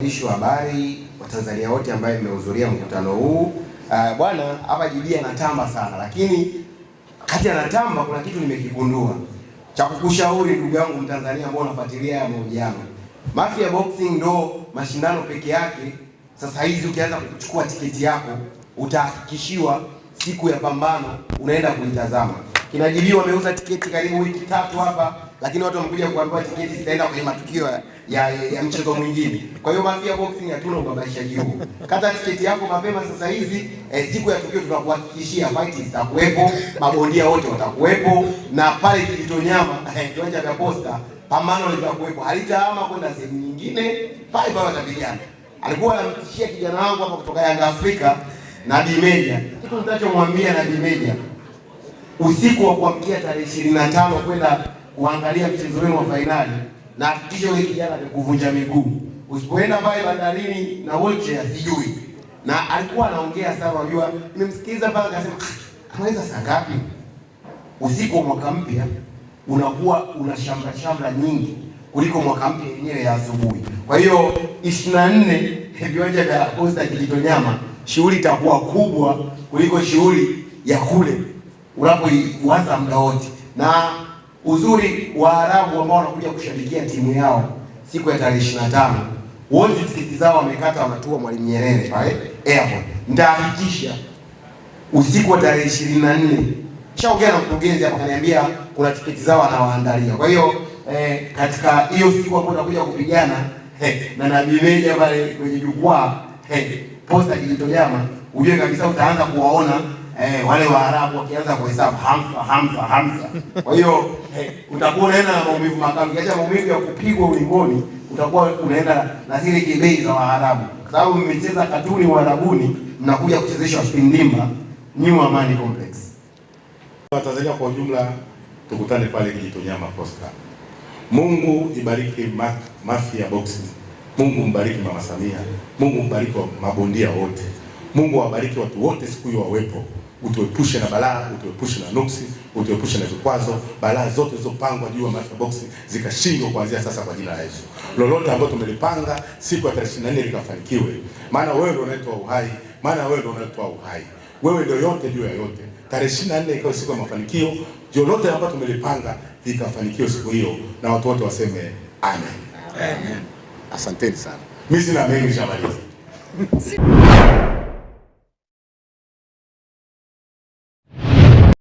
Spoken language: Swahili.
Waandishi wa habari Watanzania wote ambao mmehudhuria mkutano huu uh, bwana hapa Jiji anatamba sana, lakini kati anatamba kuna kitu nimekigundua cha kukushauri ndugu yangu Mtanzania ambao unafuatilia haya mahojiano. Mafia Boxing ndo mashindano peke yake. Sasa hizi ukianza kuchukua tiketi yako utahakikishiwa siku ya pambano unaenda kuitazama. Kinajibiwa ameuza tiketi karibu wiki tatu hapa lakini watu wamekuja kuambiwa tiketi zitaenda kwenye matukio ya, ya ya mchezo mwingine. Kwa hiyo Mafia Boxing hatuna ubabaishaji huo. Kata tiketi yako mapema sasa hizi eh, siku ya tukio tunakuhakikishia fight zitakuwepo, mabondia wote watakuwepo, na pale Kijitonyama eh, kiwanja cha Posta pambano litakuwepo, halitaama kwenda sehemu nyingine, pale pale watapigana. Alikuwa anamtishia kijana wangu hapa kutoka Yanga Afrika na Dimeja, kitu nitachomwambia na Dimeja usiku wa kuamkia tarehe 25 kwenda kuangalia mchezo wenu wa fainali, na hakikisha yule kijana amekuvunja miguu. Usipoenda pale bandarini na wheelchair sijui. Na alikuwa anaongea sana, unajua nimemsikiliza mpaka akasema ah, anaweza saa ngapi? Usiku wa mwaka mpya unakuwa una shamra shamra nyingi kuliko mwaka mpya yenyewe ya asubuhi. Kwa hiyo 24 viwanja vya Posta Kijitonyama, shughuli itakuwa kubwa kuliko shughuli ya kule unapoiwaza muda wote na uzuri wa Arabu ambao wanakuja kushabikia timu yao siku ya tarehe 25, wote tiketi zao wamekata, wanatua Mwalimu Nyerere pale eh, airport. Nitahakikisha usiku wa tarehe 24 shaongea na mkurugenzi hapa, kaniambia kuna tiketi zao anawaandalia. Kwa hiyo eh, katika hiyo siku ambayo tunakuja kupigana eh, na Nabii Meja pale kwenye jukwaa eh, posta kijitonyama, ujue kabisa utaanza kuwaona eh, wale Waarabu wakianza kuhesabu hamsa hamsa hamsa. Kwa hiyo eh, utakuwa unaenda na maumivu makali, kiacha maumivu ya kupigwa ulimboni, utakuwa unaenda na zile kibei za Waarabu, kwa sababu mmecheza katuni Waarabuni, mnakuja kuchezeshwa spindimba New Amani Complex. Watanzania kwa ujumla, tukutane pale Kijitonyama Posta. Mungu ibariki Mafia Boxing. Mungu mbariki Mama Samia. Mungu mbariki mabondia wote. Mungu awabariki watu wote siku hiyo wawepo utuepushe na balaa, utuepushe na nuksi, utuepushe na vikwazo, balaa zote zilizopangwa juu ya mafia Box zikashindwa kuanzia sasa, kwa jina la Yesu. Lolote ambalo tumelipanga siku ya tarehe 24 likafanikiwe, maana wewe ndio unatoa uhai, maana wewe ndio unatoa uhai, wewe ndio yote juu ya yote. Tarehe 24 ikawa siku ya mafanikio, lolote ambalo tumelipanga likafanikiwe siku hiyo, na watu wote waseme amen, amen. Asanteni sana, mimi sina mengi, shamaliza